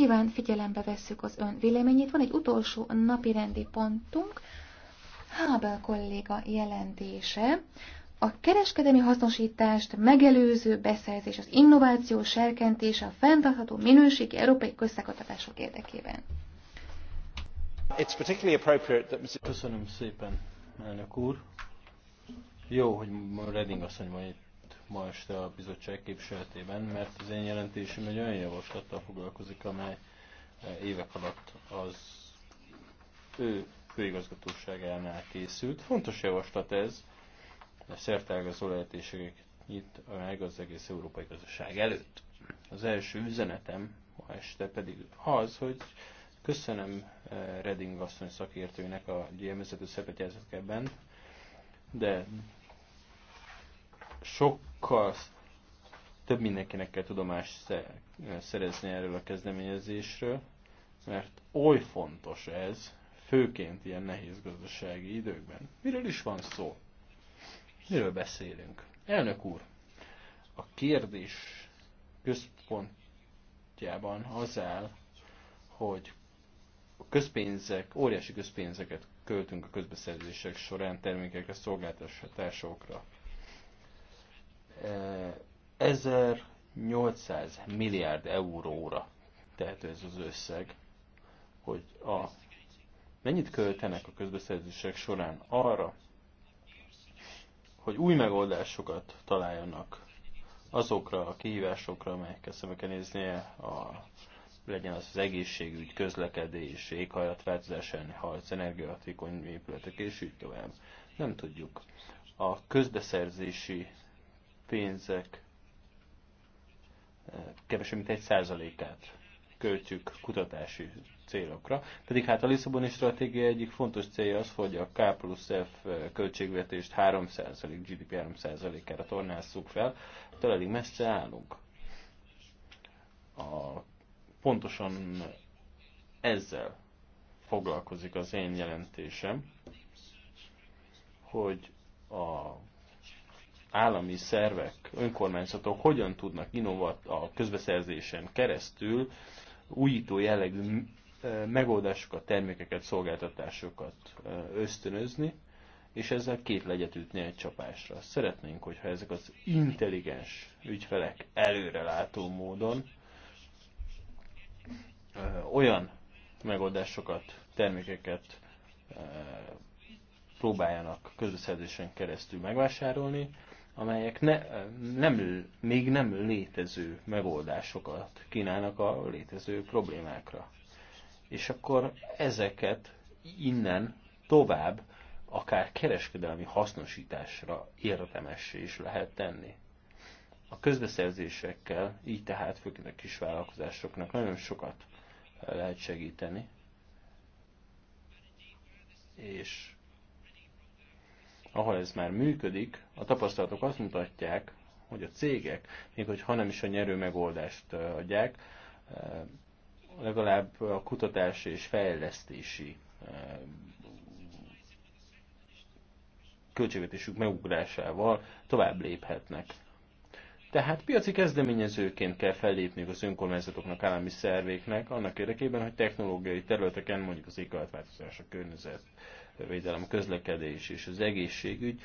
Nyilván figyelembe vesszük az ön véleményét. Van egy utolsó napi rendi pontunk, Hábel kolléga jelentése. A kereskedelmi hasznosítást megelőző beszerzés, az innováció serkentése a fenntartható minőségi európai közszakadtatások érdekében. It's particularly appropriate that Köszönöm szépen, elnök úr. Jó, hogy Reding asszony van itt ma este a bizottság képviseletében, mert az én jelentésem egy olyan javaslattal foglalkozik, amely eh, évek alatt az ő főigazgatóságánál készült. Fontos javaslat ez, mert szertágazó lehetőségek nyit meg az egész európai gazdaság előtt. Az első üzenetem ma este pedig az, hogy köszönöm eh, Reding asszony szakértőinek a gyémezető ebben, de sok sokkal több mindenkinek kell tudomást eh, szerezni erről a kezdeményezésről, mert oly fontos ez, főként ilyen nehéz gazdasági időkben. Miről is van szó? Miről beszélünk? Elnök úr, a kérdés központjában az áll, hogy a közpénzek, óriási közpénzeket költünk a közbeszerzések során termékekre, szolgáltatásokra. 1800 eh, milliárd euróra tehető ez az összeg, hogy a, mennyit költenek a közbeszerzések során arra, hogy új megoldásokat találjanak azokra a kihívásokra, amelyekkel szembe kell néznie, a, legyen az az egészségügy, közlekedés, éghajlatváltozás elleni harc, energiahatékony épületek és így tovább. Nem tudjuk. A közbeszerzési pénzek eh, kevesebb mint egy százalékát költjük kutatási célokra. Pedig hát a Lisszaboni stratégia egyik fontos célja az, hogy a K plusz F eh, költségvetést 3%, GDP 3%-ára tornásszuk fel, ettől elég messze állunk. A, pontosan ezzel foglalkozik az én jelentésem, hogy a állami szervek, önkormányzatok hogyan tudnak innovat a közbeszerzésen keresztül újító jellegű megoldásokat, termékeket, szolgáltatásokat ösztönözni, és ezzel két legyet ütni egy csapásra. Szeretnénk, hogyha ezek az intelligens ügyfelek előrelátó módon olyan megoldásokat, termékeket próbáljanak közbeszerzésen keresztül megvásárolni, amelyek ne, nem, még nem létező megoldásokat kínálnak a létező problémákra. És akkor ezeket innen tovább akár kereskedelmi hasznosításra érdemessé is lehet tenni. A közbeszerzésekkel, így tehát főként a kisvállalkozásoknak nagyon sokat lehet segíteni, és ahol ez már működik, a tapasztalatok azt mutatják, hogy a cégek, még hogyha nem is a nyerő megoldást adják, legalább a kutatási és fejlesztési költségvetésük megugrásával tovább léphetnek. Tehát piaci kezdeményezőként kell fellépni az önkormányzatoknak, állami szervéknek, annak érdekében, hogy technológiai területeken, mondjuk az éghajlatváltozás, a környezet, védelem, a közlekedés és az egészségügy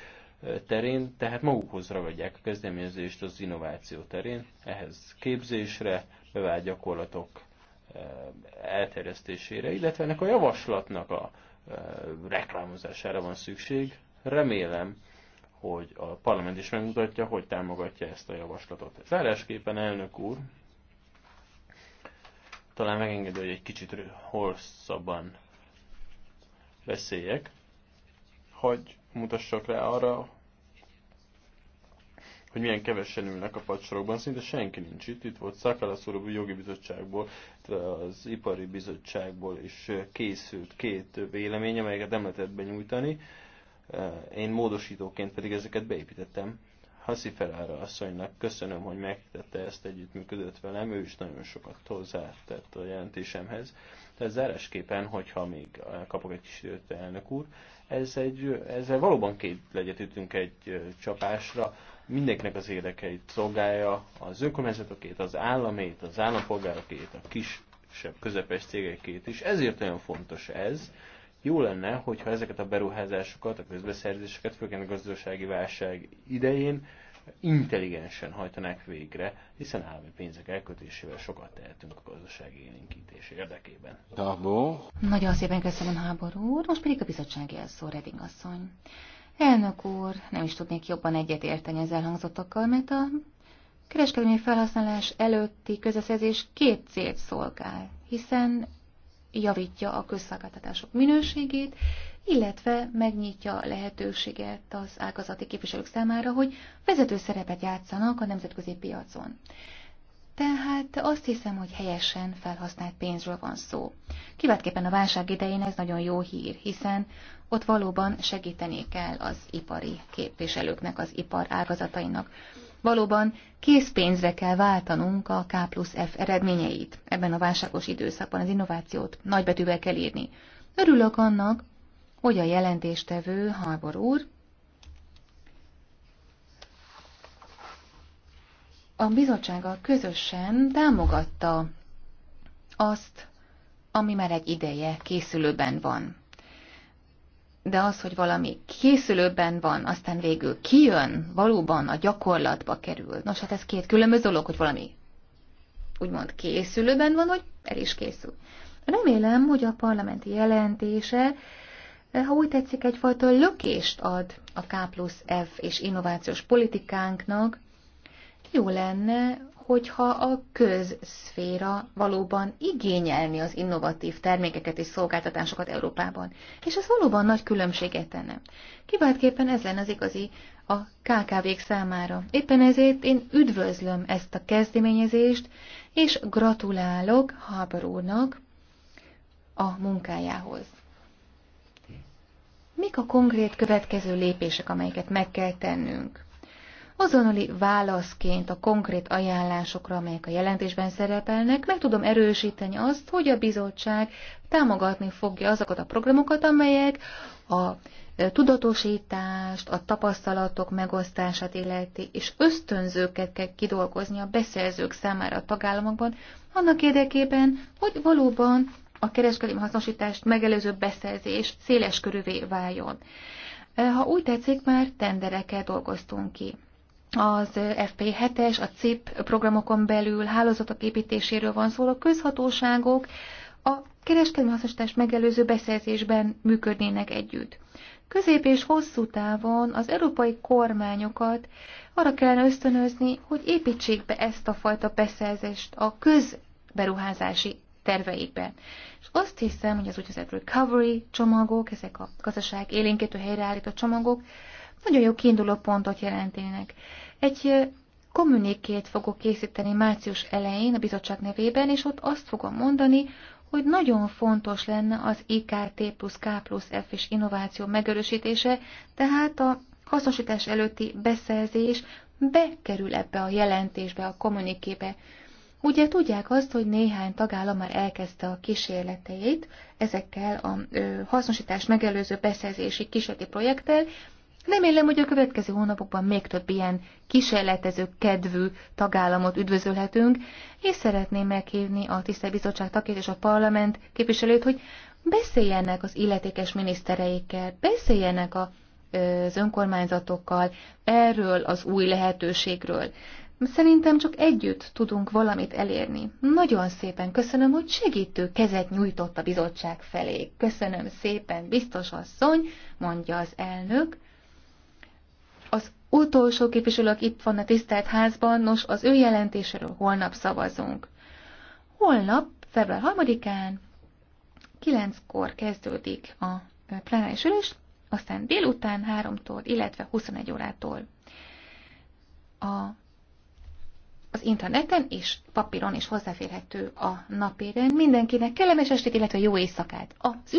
terén, tehát magukhoz ragadják a kezdeményezést az innováció terén, ehhez képzésre, bevált gyakorlatok elterjesztésére, illetve ennek a javaslatnak a reklámozására van szükség. Remélem, hogy a parlament is megmutatja, hogy támogatja ezt a javaslatot. Zárásképpen elnök úr, talán megengedő, hogy egy kicsit hosszabban beszéljek hogy mutassak rá arra, hogy milyen kevesen ülnek a padsorokban, szinte senki nincs itt. Itt volt Szakalaszorú jogi bizottságból, az ipari bizottságból is készült két vélemény, amelyeket nem lehetett benyújtani. Én módosítóként pedig ezeket beépítettem Hasziferára asszonynak köszönöm, hogy megtette ezt együttműködött velem, ő is nagyon sokat hozzátett a jelentésemhez. Tehát zárásképpen, hogyha még kapok egy kis időt, elnök úr, ez egy, ezzel valóban két legyet ütünk egy csapásra, mindenkinek az érdekeit szolgálja, az önkormányzatokét, az államét, az állampolgárokét, a kisebb, közepes cégekét is. Ezért nagyon fontos ez, jó lenne, hogyha ezeket a beruházásokat, a közbeszerzéseket, főként a gazdasági válság idején intelligensen hajtanák végre, hiszen állami pénzek elkötésével sokat tehetünk a gazdasági élénkítés érdekében. Bravo. Nagyon szépen köszönöm, háború úr. Most pedig a bizottsági elszó, Reding asszony. Elnök úr, nem is tudnék jobban egyet érteni az elhangzottakkal, mert a kereskedelmi felhasználás előtti közeszerzés két célt szolgál, hiszen javítja a közszolgáltatások minőségét, illetve megnyitja a lehetőséget az ágazati képviselők számára, hogy vezető szerepet játszanak a nemzetközi piacon. Tehát azt hiszem, hogy helyesen felhasznált pénzről van szó. Kiváltképpen a válság idején ez nagyon jó hír, hiszen ott valóban segíteni kell az ipari képviselőknek, az ipar ágazatainak. Valóban készpénzre kell váltanunk a K plusz F eredményeit ebben a válságos időszakban, az innovációt nagybetűvel kell írni. Örülök annak, hogy a jelentéstevő Harbor úr a bizottsága közösen támogatta azt, ami már egy ideje készülőben van de az, hogy valami készülőben van, aztán végül kijön, valóban a gyakorlatba kerül. Nos, hát ez két különböző dolog, hogy valami úgymond készülőben van, vagy el is készül. Remélem, hogy a parlamenti jelentése, eh, ha úgy tetszik, egyfajta lökést ad a K plusz F és innovációs politikánknak. Jó lenne, hogyha a közszféra valóban igényelni az innovatív termékeket és szolgáltatásokat Európában. És ez valóban nagy különbséget tenne. Kiváltképpen ez lenne az igazi a KKV-k számára. Éppen ezért én üdvözlöm ezt a kezdeményezést, és gratulálok Haber úrnak a munkájához. Mik a konkrét következő lépések, amelyeket meg kell tennünk? azonnali válaszként a konkrét ajánlásokra, amelyek a jelentésben szerepelnek, meg tudom erősíteni azt, hogy a bizottság támogatni fogja azokat a programokat, amelyek a e, tudatosítást, a tapasztalatok megosztását illeti, és ösztönzőket kell kidolgozni a beszerzők számára a tagállamokban, annak érdekében, hogy valóban a kereskedelmi hasznosítást megelőző beszerzés széles körűvé váljon. E, ha úgy tetszik, már tendereket dolgoztunk ki az FP7-es, a CIP programokon belül hálózatok építéséről van szó, a közhatóságok a kereskedelmi hasznosítás megelőző beszerzésben működnének együtt. Közép és hosszú távon az európai kormányokat arra kellene ösztönözni, hogy építsék be ezt a fajta beszerzést a közberuházási terveikbe. És azt hiszem, hogy az úgynevezett recovery csomagok, ezek a gazdaság élénkítő helyreállító csomagok nagyon jó kiinduló pontot jelentének. Egy kommunikét fogok készíteni március elején a bizottság nevében, és ott azt fogom mondani, hogy nagyon fontos lenne az IKT plusz K plusz F és innováció megerősítése, tehát a hasznosítás előtti beszerzés bekerül ebbe a jelentésbe, a kommunikébe. Ugye tudják azt, hogy néhány tagállam már elkezdte a kísérleteit ezekkel a ö, hasznosítás megelőző beszerzési kísérleti projekttel, Remélem, hogy a következő hónapokban még több ilyen kísérletező kedvű tagállamot üdvözölhetünk, és szeretném meghívni a tisztelt bizottság takét és a parlament képviselőt, hogy beszéljenek az illetékes minisztereikkel, beszéljenek a az önkormányzatokkal, erről az új lehetőségről. Szerintem csak együtt tudunk valamit elérni. Nagyon szépen köszönöm, hogy segítő kezet nyújtott a bizottság felé. Köszönöm szépen, biztos asszony, mondja az elnök. Az utolsó képviselők itt van a tisztelt házban, nos, az ő jelentéséről holnap szavazunk. Holnap, február 3-án, 9-kor kezdődik a plenáris ülés, aztán délután 3-tól, illetve 21 órától a, az interneten és papíron is hozzáférhető a napéren. Mindenkinek kellemes estét, illetve jó éjszakát! Az